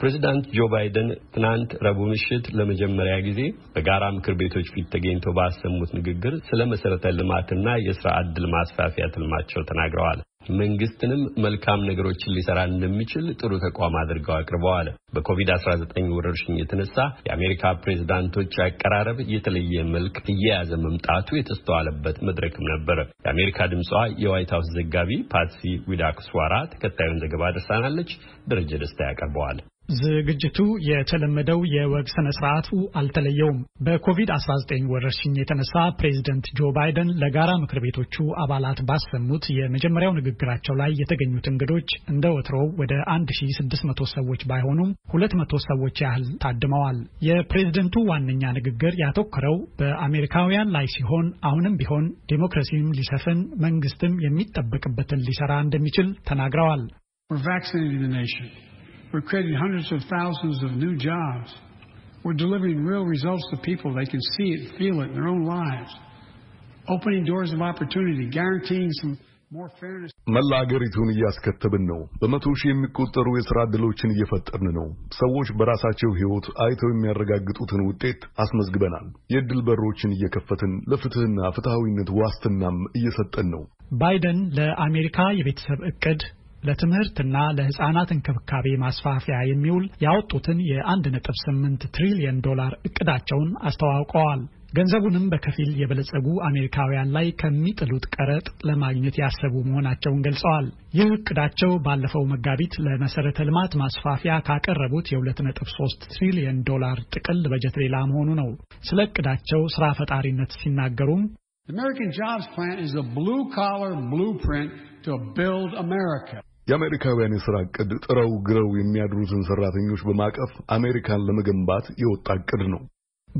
ፕሬዚዳንት ጆ ባይደን ትናንት ረቡዕ ምሽት ለመጀመሪያ ጊዜ በጋራ ምክር ቤቶች ፊት ተገኝተው ባሰሙት ንግግር ስለ መሰረተ ልማትና የስራ ዕድል ማስፋፊያ ትልማቸው ተናግረዋል። መንግስትንም መልካም ነገሮችን ሊሰራ እንደሚችል ጥሩ ተቋም አድርገው አቅርበዋል። በኮቪድ-19 ወረርሽኝ የተነሳ የአሜሪካ ፕሬዝዳንቶች አቀራረብ የተለየ መልክ እየያዘ መምጣቱ የተስተዋለበት መድረክም ነበር። የአሜሪካ ድምጿ የዋይት ሀውስ ዘጋቢ ፓትሲ ዊዳክስዋራ ተከታዩን ዘገባ ደርሳናለች። ደረጀ ደስታ ያቀርበዋል። ዝግጅቱ የተለመደው የወግ ስነ ስርዓቱ አልተለየውም። በኮቪድ-19 ወረርሽኝ የተነሳ ፕሬዚደንት ጆ ባይደን ለጋራ ምክር ቤቶቹ አባላት ባሰሙት የመጀመሪያው ንግግራቸው ላይ የተገኙት እንግዶች እንደ ወትሮው ወደ 1600 ሰዎች ባይሆኑም 200 ሰዎች ያህል ታድመዋል። የፕሬዝደንቱ ዋነኛ ንግግር ያተኮረው በአሜሪካውያን ላይ ሲሆን አሁንም ቢሆን ዴሞክራሲም ሊሰፍን መንግስትም የሚጠበቅበትን ሊሰራ እንደሚችል ተናግረዋል። We're creating hundreds of thousands of new jobs. We're delivering real results to people. They can see it, feel it in their own lives. Opening doors of opportunity, guaranteeing some መላ አገሪቱን እያስከተብን ነው። በመቶ ሺህ የሚቆጠሩ የሥራ ዕድሎችን እየፈጠርን ነው። ሰዎች በራሳቸው ሕይወት አይተው የሚያረጋግጡትን ውጤት አስመዝግበናል። የዕድል በሮችን እየከፈትን ለፍትሕና ፍትሐዊነት ዋስትናም እየሰጠን ነው። ባይደን ለአሜሪካ የቤተሰብ ዕቅድ ለትምህርትና ለህጻናት እንክብካቤ ማስፋፊያ የሚውል ያወጡትን የ1.8 ትሪሊየን ዶላር እቅዳቸውን አስተዋውቀዋል። ገንዘቡንም በከፊል የበለጸጉ አሜሪካውያን ላይ ከሚጥሉት ቀረጥ ለማግኘት ያሰቡ መሆናቸውን ገልጸዋል። ይህ እቅዳቸው ባለፈው መጋቢት ለመሰረተ ልማት ማስፋፊያ ካቀረቡት የ2.3 ትሪሊየን ዶላር ጥቅል በጀት ሌላ መሆኑ ነው። ስለ እቅዳቸው ስራ ፈጣሪነት ሲናገሩም American Jobs Plan is a blue-collar blueprint to build America. የአሜሪካውያን የስራ ዕቅድ ጥረው ግረው የሚያድሩትን ሠራተኞች በማቀፍ አሜሪካን ለመገንባት የወጣ ዕቅድ ነው።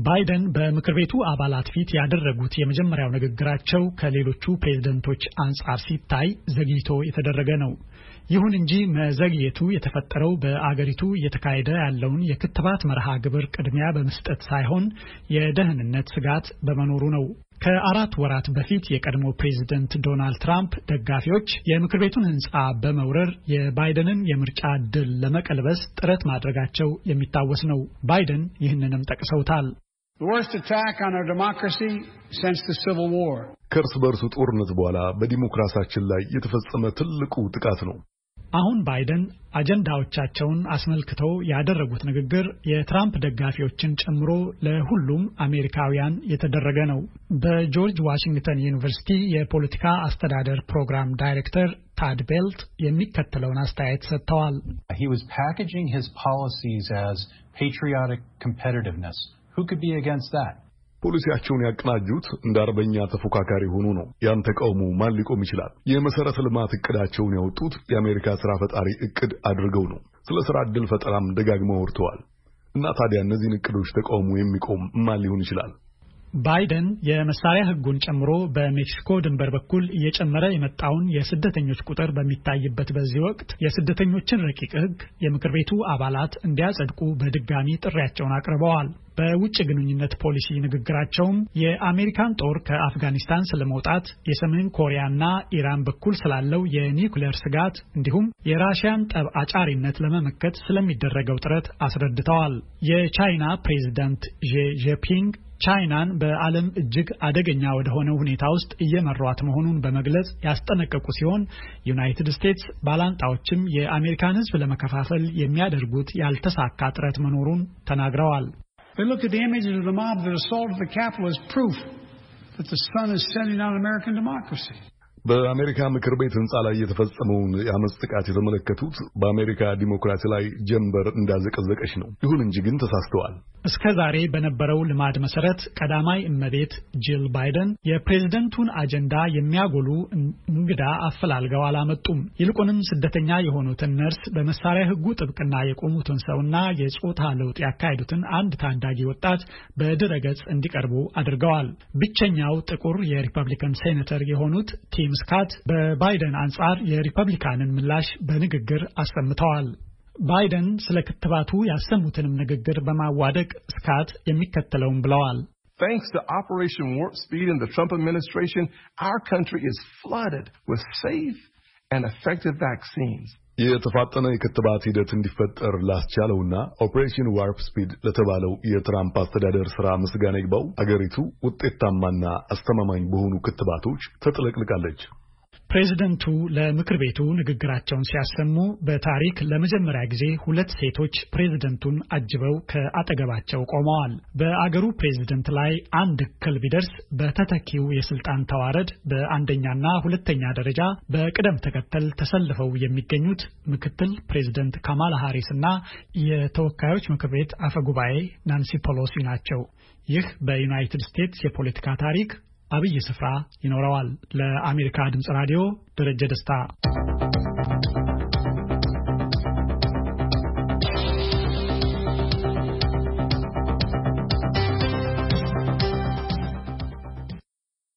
ባይደን በምክር ቤቱ አባላት ፊት ያደረጉት የመጀመሪያው ንግግራቸው ከሌሎቹ ፕሬዝደንቶች አንጻር ሲታይ ዘግይቶ የተደረገ ነው። ይሁን እንጂ መዘግየቱ የተፈጠረው በአገሪቱ እየተካሄደ ያለውን የክትባት መርሃ ግብር ቅድሚያ በመስጠት ሳይሆን የደህንነት ስጋት በመኖሩ ነው። ከአራት ወራት በፊት የቀድሞ ፕሬዚደንት ዶናልድ ትራምፕ ደጋፊዎች የምክር ቤቱን ሕንፃ በመውረር የባይደንን የምርጫ ድል ለመቀልበስ ጥረት ማድረጋቸው የሚታወስ ነው። ባይደን ይህንንም ጠቅሰውታል። ከእርስ በእርሱ ጦርነት በኋላ በዲሞክራሲያችን ላይ የተፈጸመ ትልቁ ጥቃት ነው። አሁን ባይደን አጀንዳዎቻቸውን አስመልክተው ያደረጉት ንግግር የትራምፕ ደጋፊዎችን ጨምሮ ለሁሉም አሜሪካውያን የተደረገ ነው። በጆርጅ ዋሽንግተን ዩኒቨርሲቲ የፖለቲካ አስተዳደር ፕሮግራም ዳይሬክተር ታድ ቤልት የሚከተለውን አስተያየት ሰጥተዋል። ፓኬጂንግ ሂዝ ፖሊሲስ አዝ ፓትሪዮቲክ ኮምፒቲቲቭነስ ፖሊሲያቸውን ያቀናጁት እንደ አርበኛ ተፎካካሪ ሆኑ ነው። ያን ተቃውሞ ማን ሊቆም ይችላል? የመሠረተ ልማት እቅዳቸውን ያወጡት የአሜሪካ ሥራ ፈጣሪ ዕቅድ አድርገው ነው። ስለ ሥራ ዕድል ፈጠራም ደጋግመው አውርተዋል። እና ታዲያ እነዚህን እቅዶች ተቃውሞ የሚቆም ማን ሊሆን ይችላል? ባይደን የመሳሪያ ሕጉን ጨምሮ በሜክሲኮ ድንበር በኩል እየጨመረ የመጣውን የስደተኞች ቁጥር በሚታይበት በዚህ ወቅት የስደተኞችን ረቂቅ ሕግ የምክር ቤቱ አባላት እንዲያጸድቁ በድጋሚ ጥሪያቸውን አቅርበዋል። በውጭ ግንኙነት ፖሊሲ ንግግራቸውም የአሜሪካን ጦር ከአፍጋኒስታን ስለመውጣት፣ የሰሜን ኮሪያና ኢራን በኩል ስላለው የኒውክሌር ስጋት እንዲሁም የራሽያን ጠብ አጫሪነት ለመመከት ስለሚደረገው ጥረት አስረድተዋል። የቻይና ፕሬዚዳንት ዢ ጂንፒንግ ቻይናን በዓለም እጅግ አደገኛ ወደሆነ ሁኔታ ውስጥ እየመሯት መሆኑን በመግለጽ ያስጠነቀቁ ሲሆን ዩናይትድ ስቴትስ ባላንጣዎችም የአሜሪካን ሕዝብ ለመከፋፈል የሚያደርጉት ያልተሳካ ጥረት መኖሩን ተናግረዋል። በአሜሪካ ምክር ቤት ህንፃ ላይ የተፈጸመውን የአመፅ ጥቃት የተመለከቱት በአሜሪካ ዲሞክራሲ ላይ ጀንበር እንዳዘቀዘቀች ነው። ይሁን እንጂ ግን ተሳስተዋል። እስከ ዛሬ በነበረው ልማድ መሰረት ቀዳማይ እመቤት ጂል ባይደን የፕሬዝደንቱን አጀንዳ የሚያጎሉ እንግዳ አፈላልገው አላመጡም። ይልቁንም ስደተኛ የሆኑትን ነርስ፣ በመሳሪያ ህጉ ጥብቅና የቆሙትን ሰውና የጾታ ለውጥ ያካሄዱትን አንድ ታዳጊ ወጣት በድረገጽ እንዲቀርቡ አድርገዋል። ብቸኛው ጥቁር የሪፐብሊካን ሴኔተር የሆኑት ቲም ስካት በባይደን አንጻር የሪፐብሊካንን ምላሽ በንግግር አሰምተዋል። ባይደን ስለ ክትባቱ ያሰሙትንም ንግግር በማዋደቅ ስካት የሚከተለውን ብለዋል። Thanks to Operation Warp Speed and the Trump administration, our country is flooded with safe and effective vaccines. የተፋጠነ የክትባት ሂደት እንዲፈጠር ላስቻለውና ኦፕሬሽን ዋርፕ ስፒድ ለተባለው የትራምፕ አስተዳደር ስራ ምስጋና ይግባው፣ አገሪቱ ውጤታማና አስተማማኝ በሆኑ ክትባቶች ተጥለቅልቃለች። ፕሬዝደንቱ ለምክር ቤቱ ንግግራቸውን ሲያሰሙ በታሪክ ለመጀመሪያ ጊዜ ሁለት ሴቶች ፕሬዝደንቱን አጅበው ከአጠገባቸው ቆመዋል። በአገሩ ፕሬዝደንት ላይ አንድ እክል ቢደርስ በተተኪው የስልጣን ተዋረድ በአንደኛና ሁለተኛ ደረጃ በቅደም ተከተል ተሰልፈው የሚገኙት ምክትል ፕሬዝደንት ካማላ ሃሪስ እና የተወካዮች ምክር ቤት አፈጉባኤ ናንሲ ፖሎሲ ናቸው። ይህ በዩናይትድ ስቴትስ የፖለቲካ ታሪክ አብይ ስፍራ ይኖረዋል። ለአሜሪካ ድምፅ ራዲዮ ደረጀ ደስታ